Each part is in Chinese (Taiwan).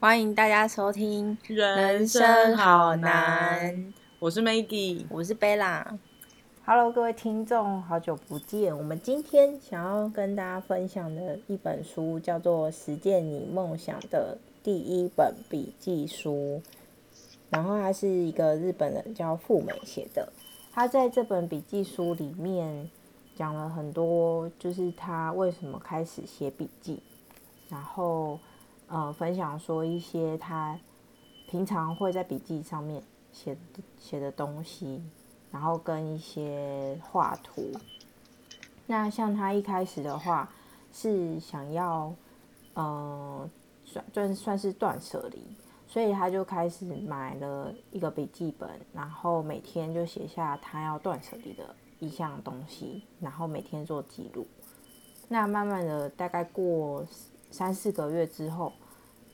歡迎大家收聽《人生好難》，我是 Maggie，我是 Bella。Hello，各位聽眾，好久不見。我們今天想要跟大家分享的一本書叫做《實踐你夢想的第一本筆記書》，然後它是一個日本人叫富美寫的。他在這本筆記書裡面講了很多，就是他為什麼開始寫筆記，然後。呃，分享說一些他平常會在筆記上面寫的寫的東西，然後跟一些畫圖。那像他一開始的話，是想要嗯、呃、算算算是斷捨離，所以他就開始買了一個筆記本，然後每天就寫下他要斷捨離的一項東西，然後每天做記錄。那慢慢的，大概過三四個月之後。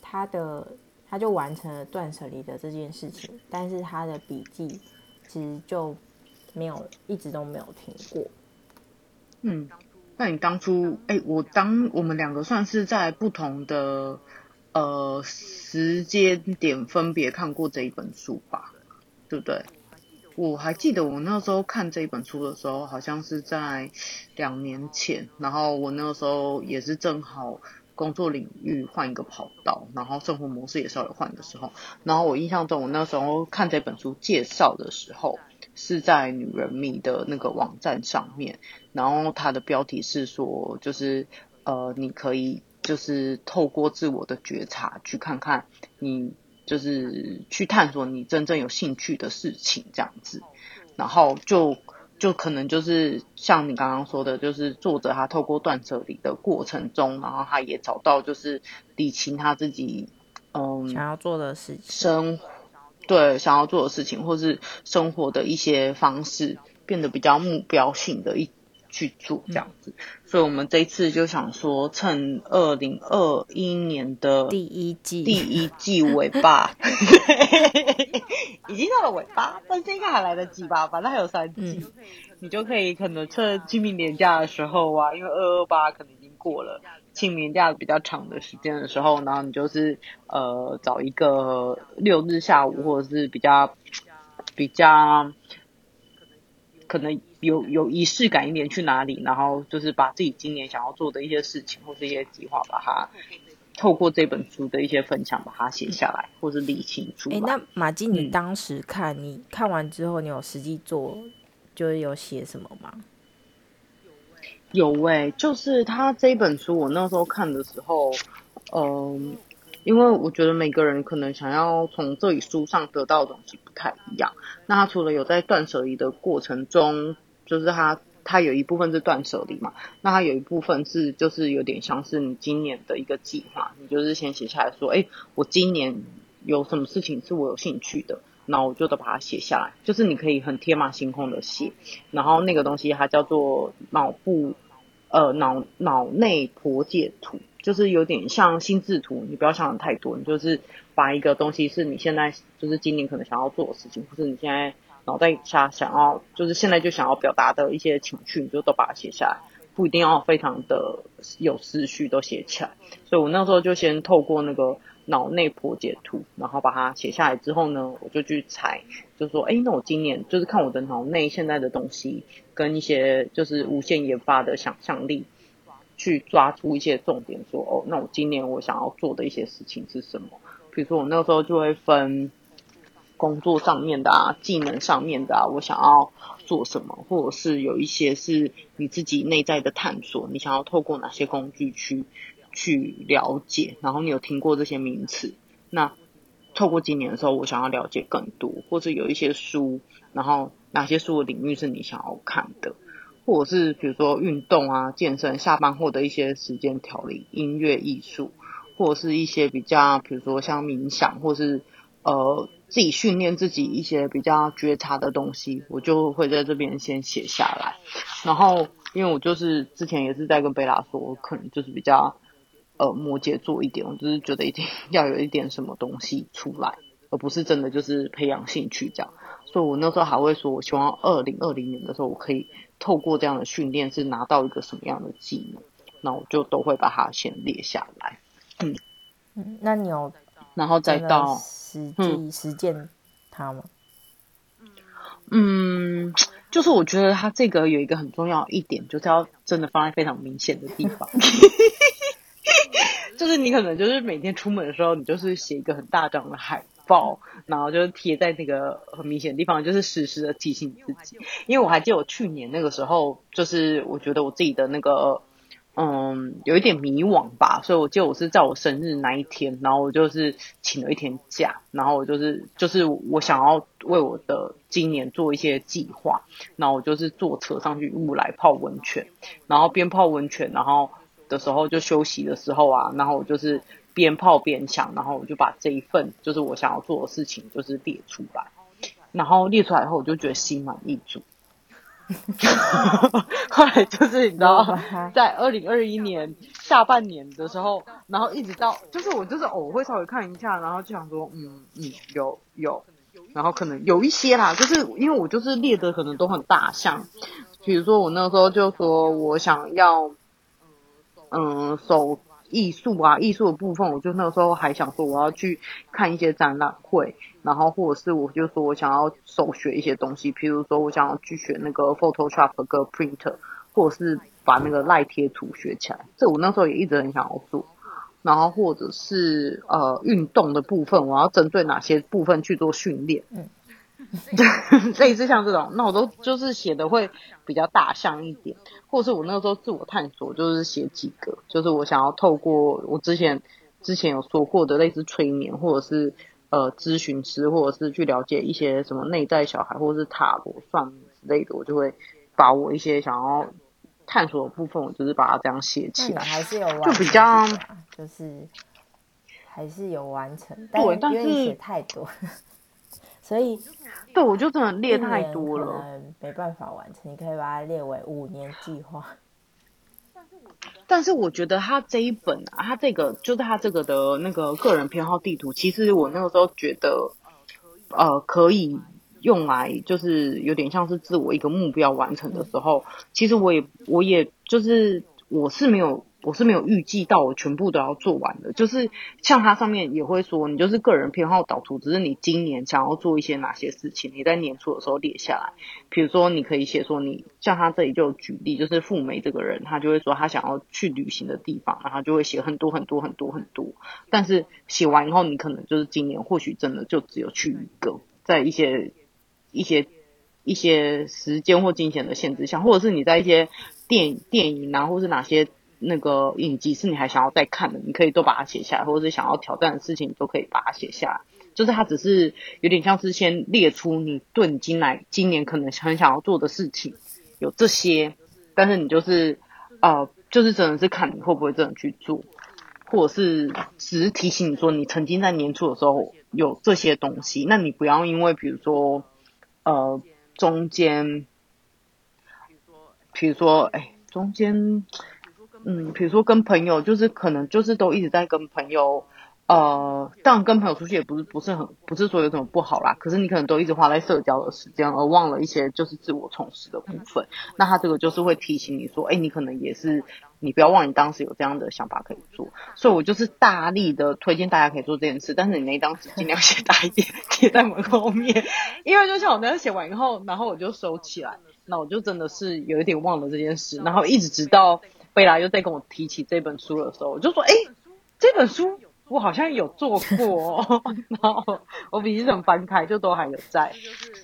他的他就完成了斷捨離的這件事情，但是他的筆記其實就沒有，一直都沒有停過。嗯，那你當初哎、欸，我當我們兩個算是在不同的呃時間點分別看過這一本書吧，對不對？我還記得我那時候看這一本書的時候，好像是在兩年前，然後我那個時候也是正好。工作領域換一個跑道，然後生活模式也稍微換的時候，然後我印象中我那時候看這本書介紹的時候，是在女人迷的那個網站上面，然後它的標題是說，就是呃，你可以就是透過自我的覺察，去看看你就是去探索你真正有興趣的事情這樣子，然後就。就可能就是像你剛剛說的，就是作者他透過斷捨離的過程中，然後他也找到就是理清他自己，嗯，想要做的事情，生對想要做的事情，或是生活的一些方式，變得比較目標性的一。去做這樣子。嗯、所以我們這一次就想說，趁二零二一年的第一季第一季尾巴， 已經到了尾巴，但應該還來得及吧？反正還有三季，嗯、你就可以可能趁清明連假的時候啊，因為二二八可能已經過了，清明連假比較長的時間的時候，呢，然後，你就是呃找一個六日下午或者是比較比較可能。有有儀式感一點去哪裡，然後就是把自己今年想要做的一些事情或是一些計劃，把它透過這本書的一些分享，把它寫下來，嗯、或是理清楚。哎、欸，那 Maggie 你當時看，嗯、你看完之後，你有實際做，就是有寫什麼嗎？有誒、欸，就是他這本書，我那時候看的時候，嗯、呃，因為我覺得每個人可能想要從這裡書上得到的東西不太一樣。那他除了有在斷捨離的過程中。就是它，它有一部分是斷捨離嘛，那它有一部分是就是有點像是你今年的一個計劃，你就是先寫下來說，哎，我今年有什麼事情是我有興趣的，然後我就得把它寫下來，就是你可以很天馬行空的寫，然後那個東西它叫做腦部，呃，腦腦內婆借圖，就是有點像心智圖，你不要想得太多，你就是把一個東西是你現在就是今年可能想要做的事情，或是你現在。腦袋下想要就是現在就想要表達的一些情緒，你就都把它寫下來，不一定要非常的有思緒都寫起來。所以我那時候就先透過那個腦內剖解圖，然後把它寫下來之後呢，我就去拆，就說，哎，那我今年就是看我的腦內現在的東西，跟一些就是無限研發的想象力，去抓出一些重點，說，哦，那我今年我想要做的一些事情是什麼？比如說我那時候就會分。工作上面的啊，技能上面的啊，我想要做什麼，或者是有一些是你自己內在的探索，你想要透過哪些工具去去了解？然後你有聽過這些名詞？那透過今年的時候，我想要了解更多，或者有一些書，然後哪些書的領域是你想要看的？或者是比如說運動啊，健身，下班獲得一些時間調理音樂藝術，或者是一些比較，比如說像冥想，或是呃。自己訓練自己一些比較覺察的東西，我就會在這邊先寫下來。然後，因為我就是之前也是在跟貝拉說，我可能就是比較呃摩羯座一點，我就是覺得一定要有一點什麼東西出來，而不是真的就是培養興趣這樣。所以我那時候還會說，我希望二零二零年的時候，我可以透過這樣的訓練是拿到一個什麼樣的技能，那我就都會把它先列下來。嗯嗯，那你有、哦？然後再到，實際實踐他嗎？嗯，就是我覺得它這個有一個很重要一點，就是要真的放在非常明顯的地方。 就是你可能就是每天出門的時候，你就是寫一個很大張的海報，然後就是貼在那個很明顯的地方，就是時時的提醒自己。因為我還記得我去年那個時候，就是我覺得我自己的那個。嗯，有一點迷惘吧，所以我記得我是在我生日那一天，然後我就是請了一天假，然後我就是就是我想要為我的今年做一些計劃，然後我就是坐車上去烏來泡溫泉，然後邊泡溫泉，然後的時候就休息的時候啊，然後我就是邊泡邊想，然後我就把這一份就是我想要做的事情就是列出來，然後列出來以後我就覺得心滿意足。 後來就是你知道，在二零二一年下半年的時候，然後一直到，就是我就是偶、哦、會稍微看一下，然後就想說，嗯嗯，有有，然後可能有一些啦，就是因為我就是列的可能都很大，像，比如說我那時候就說，我想要，嗯手。藝術啊，藝術的部分，我就那時候還想說，我要去看一些展覽會，然後或者是我就說我想要手學一些東西，譬如說我想要去學那個 Photoshop 和 Printer，或者是把那個賴貼圖學起來。這我那時候也一直很想要做，然後或者是呃運動的部分，我要針對哪些部分去做訓練。嗯。 類似像這種，那我都就是寫得會比較大象一點，或者是我那個時候自我探索，就是寫幾個，就是我想要透過我之前之前有說過的類似催眠，或者是呃諮詢師，或者是去了解一些什麼內在小孩，或者是塔羅算之類的，我就會把我一些想要探索的部分，我就是把它這樣寫起來，還是有完成、這個、就比較就是還是有完成，對但不願意寫太多。所以，對，我就真的列太多了，沒辦法完成。你可以把它列為五年計劃。但是，我覺得他這一本，啊，他這個就是他這個的那個個人偏好地圖，其實我那個時候覺得，呃，可以用來就是有點像是自我一個目標完成的時候。其實我也，我也就是我是沒有。我是沒有預計到我全部都要做完的，就是像它上面也會說，你就是個人偏好導圖，只是你今年想要做一些哪些事情，你在年初的時候列下來。比如說，你可以寫說，你像他這裡就舉例，就是富美這個人，他就會說他想要去旅行的地方，然後就會寫很多很多很多很多。但是寫完以後，你可能就是今年或許真的就只有去一個，在一些一些一些時間或金錢的限制下，或者是你在一些電影電影啊，或是哪些。那個影集是你還想要再看的，你可以都把它寫下來，或者是想要挑戰的事情，你都可以把它寫下來。就是它只是有點像是先列出你對你今來今年可能很想要做的事情，有這些，但是你就是，呃，就是只能是看你會不會這樣去做，或者是只是提醒你說，你曾經在年初的時候有這些東西，那你不要因為比如說，呃，中間，比如說，哎、欸，中間。嗯，比如說跟朋友，就是可能就是都一直在跟朋友，呃，當然跟朋友出去也不是，不是很，不是說有什麼不好啦，可是你可能都一直花在社交的時間，而忘了一些就是自我充實的部分。那他這個就是會提醒你說，哎、欸，你可能也是，你不要忘你當時有這樣的想法可以做。所以我就是大力的推薦大家可以做這件事，但是你那張紙儘量寫大一點，貼 在門後面，因為就像我那樣寫完以後，然後我就收起來，那我就真的是有一點忘了這件事，然後一直直到。貝拉又在跟我提起這本書的時候，我就說：“哎、欸，這本書我好像有做過。” 然後我筆記本翻開，就都還有在。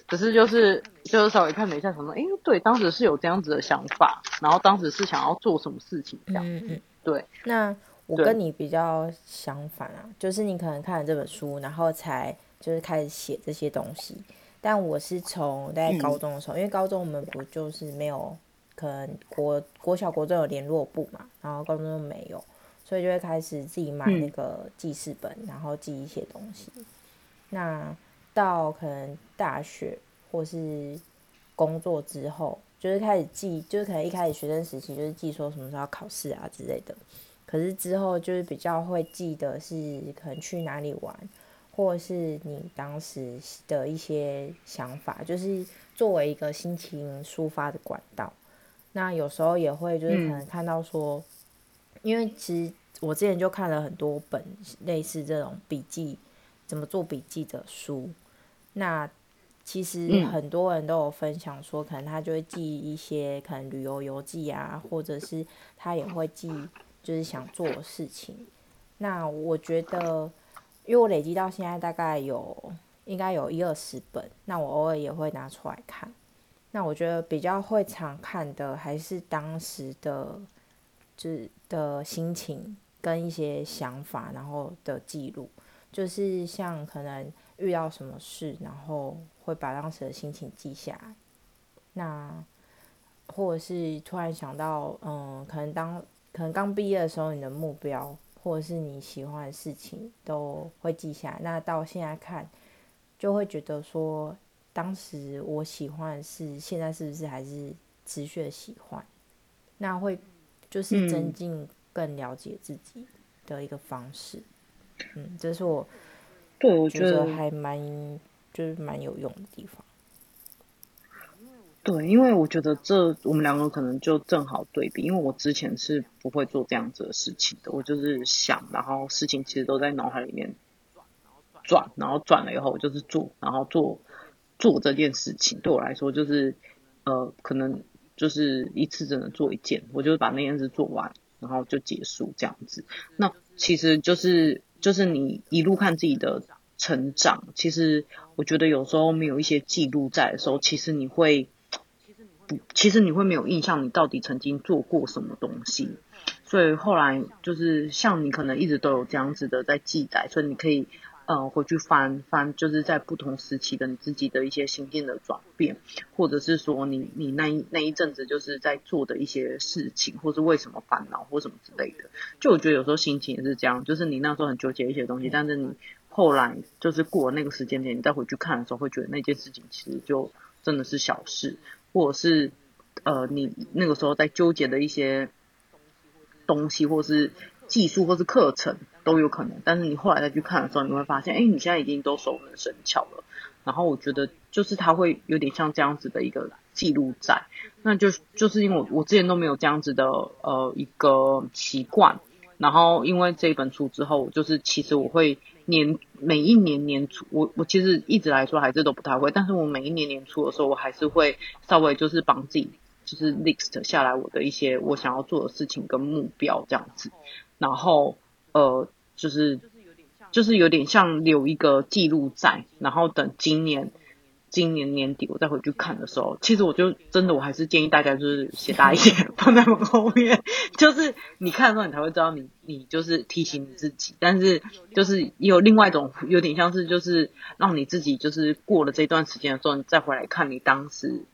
只是就是就是稍微看一下想說：“哎、欸，對，當時是有這樣子的想法，然後當時是想要做什麼事情這樣。”嗯嗯嗯。對。那我跟你比較相反啊，就是你可能看了這本書，然後才就是開始寫這些東西。但我是從在高中的時候，嗯、因為高中我們不就是沒有。可能國國小國中有聯絡簿嘛，然後高中沒有，所以就會開始自己買那個記事本，嗯、然後記一些東西。那到可能大學或是工作之後，就是開始記，就是可能一開始學生時期就是記說什麼時候要考試啊之類的，可是之後就是比較會記得是可能去哪裡玩，或是你當時的一些想法，就是作為一個心情抒發的管道。那有時候也會，就是可能看到說，嗯，因為其實我之前就看了很多本類似這種筆記，怎麼做筆記的書。那其實很多人都有分享說，可能他就會記一些可能旅遊遊記啊，或者是他也會記就是想做的事情。那我覺得，因為我累積到現在大概有應該有一二十本，那我偶爾也會拿出來看。那我覺得比較會常看的還是當時的，就是的心情跟一些想法，然後的記錄，就是像可能遇到什麼事，然後會把當時的心情記下來。那或者是突然想到，嗯，可能當可能剛畢業的時候，你的目標或者是你喜歡的事情都會記下來。那到現在看，就會覺得說。當時我喜歡是，現在是不是還是持續的喜歡？那會就是增進、更了解自己的一個方式。嗯，嗯，這是我對我覺得還蠻得就是蠻有用的地方。對，因為我覺得這我們兩個可能就正好對比，因為我之前是不會做這樣子的事情的。我就是想，然後事情其實都在腦海裡面轉，然後轉了以後，我就是做，然後做。做這件事情對我來說就是，呃，可能就是一次只能做一件，我就是把那件事做完，然後就結束這樣子。那其實就是就是你一路看自己的成長，其實我覺得有時候沒有一些記錄在的時候，其實你會，其實你會沒有印象你到底曾經做過什麼東西。所以後來就是像你可能一直都有這樣子的在記載，所以你可以。嗯，回去翻翻，就是在不同時期的你自己的一些心境的轉變，或者是說你你那一那一陣子就是在做的一些事情，或是為什麼煩惱或什麼之類的。就我覺得有時候心情也是這樣，就是你那時候很糾結一些東西，但是你後來就是過了那個時間點，你再回去看的時候，會覺得那件事情其實就真的是小事，或者是呃你那個時候在糾結的一些東西，或是技術或是課程。都有可能，但是你後來再去看的時候，你會發現，哎、欸，你現在已經都熟能生巧了。然後我覺得，就是它會有點像這樣子的一個記錄在，那就是就是因為我我之前都沒有這樣子的呃一個習慣。然後因為這一本書之後，就是其實我會年每一年年初，我我其實一直來說還是都不太會，但是我每一年年初的時候，我還是會稍微就是幫自己就是 list 下來我的一些我想要做的事情跟目標這樣子，然後。呃，就是就是有點像留一個記錄在，然後等今年今年年底我再回去看的時候，其實我就真的我還是建議大家就是寫大一些， 放在後面，就是你看的時候你才會知道你你就是提醒你自己，但是就是也有另外一種有點像是就是讓你自己就是過了這段時間的時候，你再回來看你當時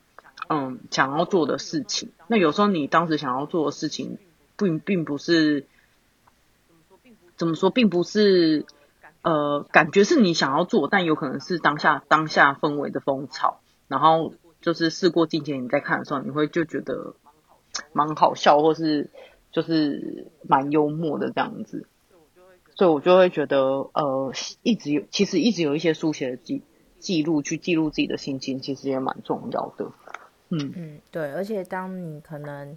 嗯想要做的事情，那有時候你當時想要做的事情並並不是。怎麼說，並不是，呃，感覺是你想要做，但有可能是當下當下氛圍的風潮。然後就是事過境遷，你再看的時候，你會就覺得蠻好笑，或是就是蠻幽默的這樣子。所以我就會覺得，呃，一直有其實一直有一些書寫的記記錄去記錄自己的心情，其實也蠻重要的。嗯嗯，對。而且當你可能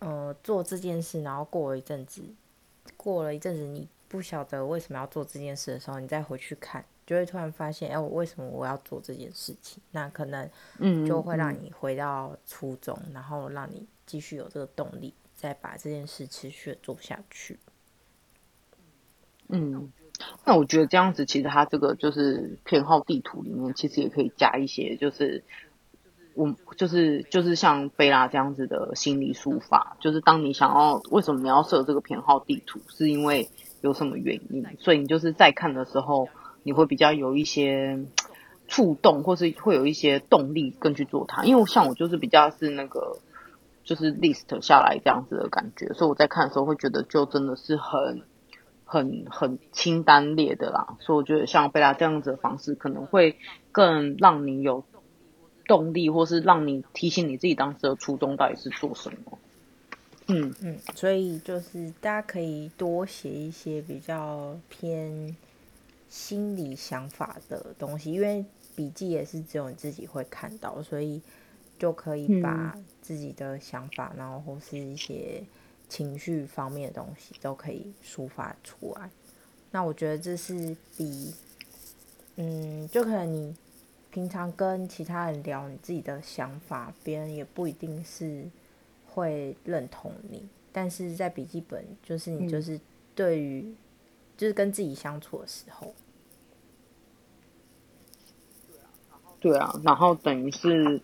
呃做這件事，然後過一陣子。過了一陣子，你不曉得為什麼要做這件事的時候，你再回去看，就會突然發現，誒、哎，我為什麼我要做這件事情？那可能就會讓你回到初衷，嗯、然後讓你繼續有這個動力，再把這件事持續做下去。嗯，那我覺得這樣子，其實他這個就是偏好地圖裡面，其實也可以加一些，就是。我就是就是像貝拉這樣子的心裡抒發，就是當你想要為什麼你要設這個偏好地圖，是因為有什麼原因，所以你就是在看的時候，你會比較有一些觸動，或是會有一些動力更去做它。因為像我就是比較是那個就是 list 下來這樣子的感覺，所以我在看的時候會覺得就真的是很很很清單列的啦。所以我覺得像貝拉這樣子的方式，可能會更讓你有。動力，或是讓你提醒你自己當時的初衷到底是做什麼？嗯嗯，所以就是大家可以多寫一些比較偏心理想法的東西，因為筆記也是只有你自己會看到，所以就可以把自己的想法，嗯、然後或是一些情緒方面的東西都可以抒發出來。那我覺得這是比，嗯，就可能你。平常跟其他人聊你自己的想法，別人也不一定是會認同你。但是在筆記本，就是你就是對於，嗯、就是跟自己相處的時候，對啊，然後等於是，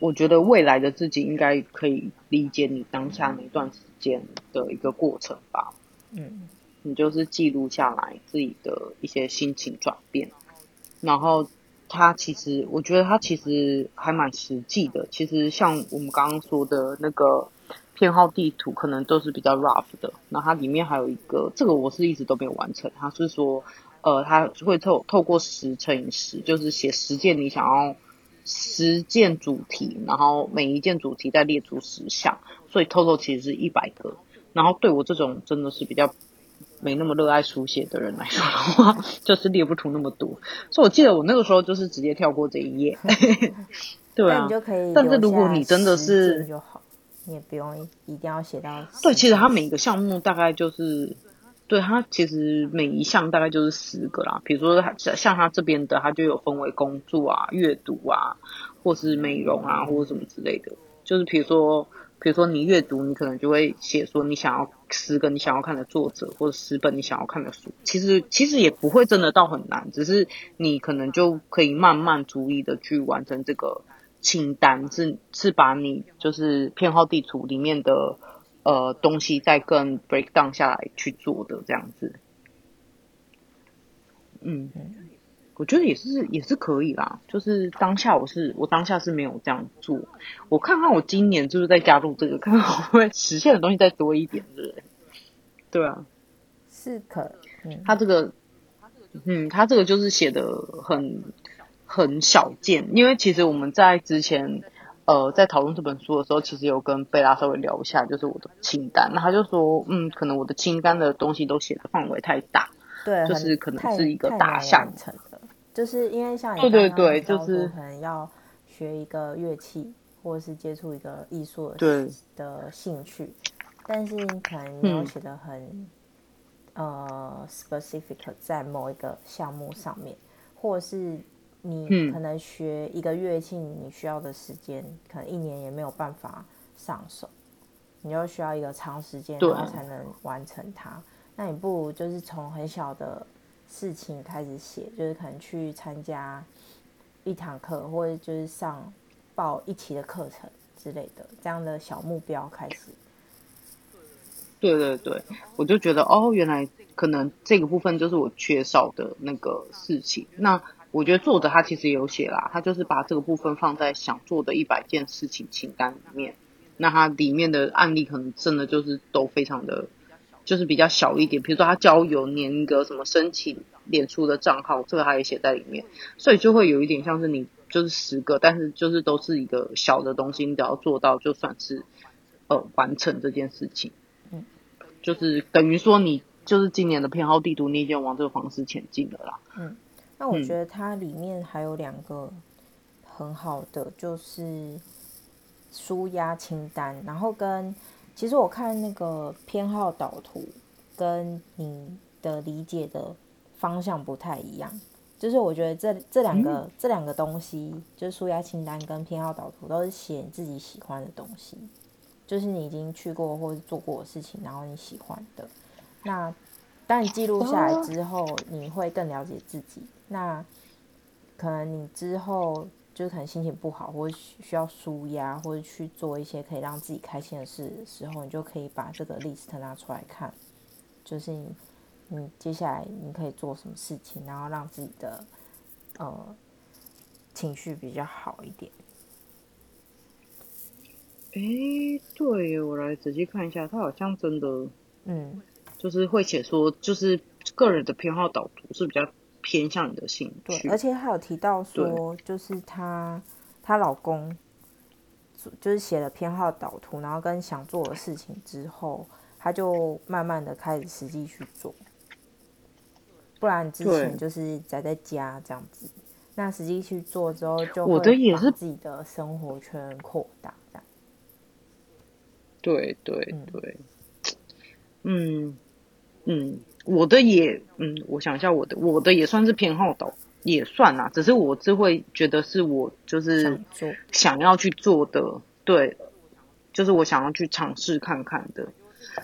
我覺得未來的自己應該可以理解你當下那段時間的一個過程吧。嗯，你就是記錄下來自己的一些心情轉變，然後。它其實，我覺得它其實還蠻實際的。其實像我們剛剛說的那個偏好地圖，可能都是比較 rough 的。那它裡面還有一個，這個我是一直都沒有完成。他是說，呃，他會透透過十乘以十，就是寫十件你想要十件主題，然後每一件主題再列出十項，所以 total 其實是一百個。然後對我這種真的是比較。沒那麼熱愛書寫的人來說的話，就是列不出那麼多。所以我記得我那個時候就是直接跳過這一頁，對啊，但是如果你真的是就好，你也不用一定要寫到。對，其實它每一個項目大概就是，對它其實每一項大概就是十個啦。比如說像他它這邊的，它就有分為工作啊、閱讀啊，或是美容啊，或者什麼之類的。就是比如說。比如說，你閱讀，你可能就會寫說，你想要十個你想要看的作者，或者十本你想要看的書。其實，其實也不會真的到很難，只是你可能就可以慢慢逐一的去完成這個清單，是是把你就是偏好地圖裡面的呃東西再更 break down 下來去做的這樣子。嗯。我覺得也是，也是可以啦。就是當下我是，我當下是沒有這樣做。我看看我今年是不是再加入這個，看看會不會實現的東西再多一點。對，對啊，是可。嗯、他這個，嗯，他這個就是寫的很很小見。因為其實我們在之前，呃，在討論這本書的時候，其實有跟貝拉稍微聊一下，就是我的清單。那他就說，嗯，可能我的清單的東西都寫的範圍太大，對，就是可能是一個大下層。就是因為像你剛剛說，就是、可能要學一個樂器，或者是接觸一個藝術的，對的興趣，但是你可能沒有寫的很、嗯、呃 specific，在某一個項目上面，或是你可能學一個樂器，你需要的時間、嗯、可能一年也沒有辦法上手，你就需要一個長時間，然後才能完成它。啊、那你不如就是從很小的事情開始寫，就是可能去參加一堂課，或者就是上報一期的課程之類的，這樣的小目標開始。對對對，我就覺得哦，原來可能這個部分就是我缺少的那個事情。那我覺得作者他其實有寫啦，他就是把這個部分放在想做的一百件事情清單裡面。那他裡面的案例可能真的就是都非常的。就是比較小一點，比如說他交友，年格什麼申請臉書的賬號，這個他也寫在裡面，所以就會有一點像是你就是十個，但是就是都是一個小的東西，你只要做到就算是呃完成這件事情。嗯，就是等於說你就是今年的偏好地圖你已經往這個方式前進了啦。嗯，那我覺得它裡面還有兩個很好的，嗯，就是紓壓清單，然後跟，其實我看那個偏好導圖跟你的理解的方向不太一樣，就是我覺得這這兩個、嗯、這兩個東西，就是舒壓清單跟偏好導圖，都是寫你自己喜歡的東西，就是你已經去過或者做過的事情，然後你喜歡的。那當你記錄下來之後，你會更了解自己。那可能你之後，就是可能心情不好，或需要舒壓，或者去做一些可以讓自己開心的事的時候，你就可以把這個 list 拿出來看，就是你，你接下來你可以做什麼事情，然後讓自己的呃情緒比較好一點。哎、欸，對，我來仔細看一下，它好像真的，嗯，就是會寫說，就是個人的偏好導圖是比較。偏向你的興趣，對，而且她有提到說，對就是她她老公就是寫了偏好導圖，然後跟想做的事情之後，她就慢慢的開始實際去做，不然之前就是宅在，在家這樣子。對那實際去做之後，我的也是自己的生活圈擴大，這樣。嗯、對對對，嗯嗯。我的也，嗯，我想一下，我的我的也算是偏好倒，也算啦。只是我只會覺得是我就是想要去做的，對，就是我想要去嘗試看看的，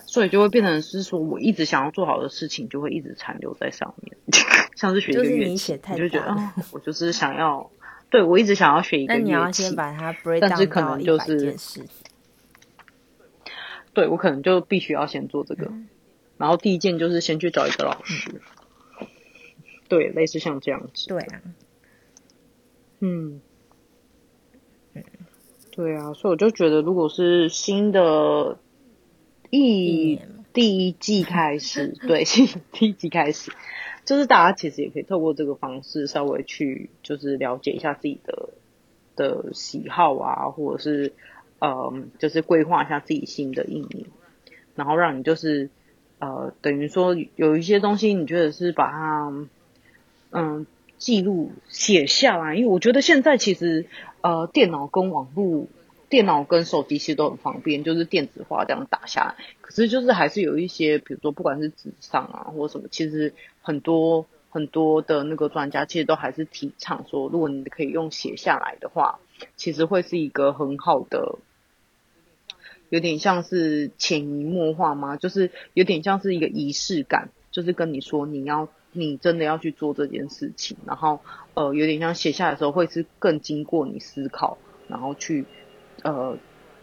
所以就會變成是說，我一直想要做好的事情就會一直殘留在上面， 像是學一個樂器，就，你你就覺得、啊、我就是想要，對，我一直想要學一個樂器，那你要先把它，但是可能就是，對，我可能就必須要先做這個。嗯然後第一件就是先去找一個老師，嗯、對，類似像這樣子。對啊，嗯，對啊，所以我就覺得，如果是新的一，一年第一季開始，對， 新第一季開始，就是大家其實也可以透過這個方式稍微去，就是了解一下自己的的喜好啊，或者是，嗯，就是規劃一下自己新的一年，然後讓你就是。呃，等於說有一些東西，你覺得是把它，嗯，記錄寫下來，因為我覺得現在其實，呃，電腦跟網絡、電腦跟手機其實都很方便，就是電子化這樣打下來。可是就是還是有一些，比如說不管是紙上啊或者什麼，其實很多很多的那個專家其實都還是提倡說，如果你可以用寫下來的話，其實會是一個很好的。有點像是潛移默化嗎？就是有點像是一個儀式感，就是跟你說你要，你真的要去做這件事情。然後，呃，有點像寫下來的時候會是更經過你思考，然後去呃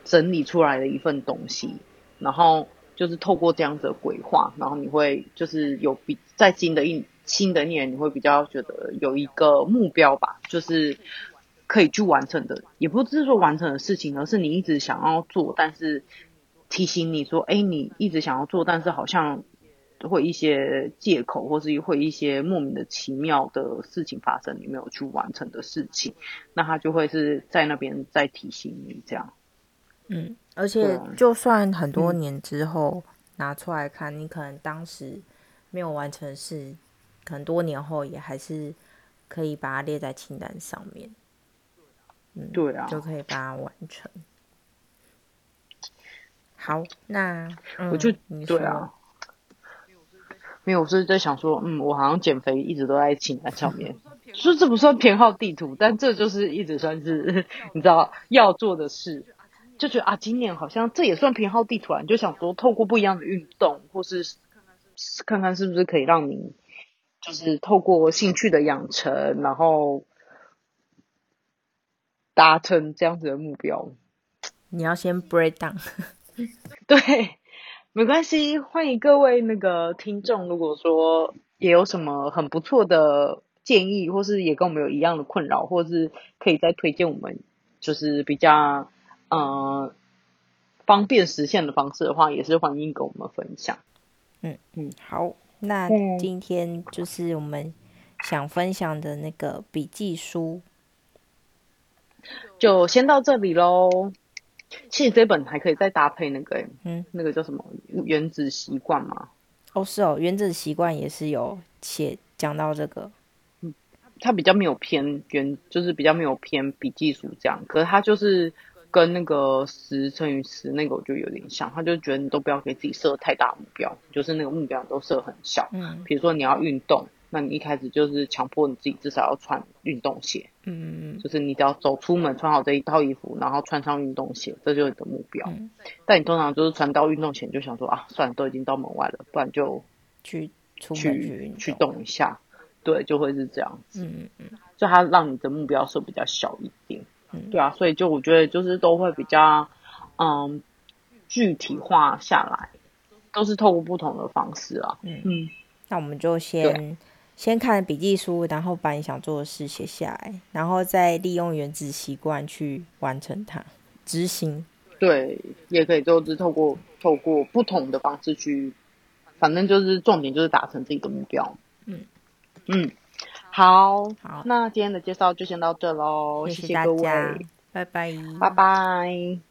整理出來的一份東西。然後就是透過這樣子的規劃，然後你會就是有比，在新的一，新的一年你會比較覺得有一個目標吧，就是。可以去完成的，也不是說完成的事情，而是你一直想要做，但是提醒你說，哎，你一直想要做，但是好像會一些借口，或是會一些莫名的奇妙的事情發生，你沒有去完成的事情，那他就會是在那邊再提醒你這樣。嗯，而且就算很多年之後拿出來看，、嗯、拿出來看，你可能當時沒有完成的事，很多年後也還是可以把它列在清單上面。嗯，對啊，就可以把它完成。啊、好，那我就、嗯、對啊。你說，沒有，我是在想說，嗯，我好像減肥一直都在請他上面，嗯、說這不算偏好地圖，嗯、但這就是一直算是、嗯、你知道要做的事，就覺得啊，今年好像這也算偏好地圖啊，你就想說透過不一樣的運動，或是看看是不是可以讓你，就是透過興趣的養成，嗯、然後。達成這樣子的目標，你要先 break down。 對，沒關係，歡迎各位那個聽眾，如果說也有什麼很不錯的建議，或是也跟我們有一樣的困擾，或是可以再推薦我們，就是比較嗯、呃、方便實現的方式的話，也是歡迎跟我們分享。嗯嗯，好，那今天就是我們想分享的那個筆記書。就先到這裡嘍。其實這本還可以再搭配那個、欸，嗯，那個叫什麼《原子習慣》嗎？哦，是哦，《原子習慣》也是有寫講到這個。嗯，它比較沒有偏原，就是比較沒有偏筆記書這樣。可是它就是跟那個十乘以十那個，我就有點像。他就覺得你都不要給自己設太大目標，就是那個目標都設很小。嗯，比如說你要運動。那你一開始就是強迫你自己至少要穿運動鞋，嗯嗯嗯，就是你只要走出門穿好這一套衣服，然後穿上運動鞋，這就是你的目標。嗯、但你通常就是穿到運動鞋就想說啊，算了，都已經到門外了，不然就去出門去動去動一下，對，就會是這樣子。嗯嗯，就它讓你的目標是比較小一點，嗯，對啊，所以就我覺得就是都會比較嗯具體化下來，都是透過不同的方式啊，嗯嗯，嗯那我們就先對，先看筆記書，然後把你想做的事寫下來，然後再利用原子習慣去完成它，執行。對，也可以就是透過透過不同的方式去，反正就是重點就是達成自己的目標。嗯嗯，好，好，好，那今天的介紹就先到這嘍，謝謝大家，謝謝各位，拜拜，拜拜。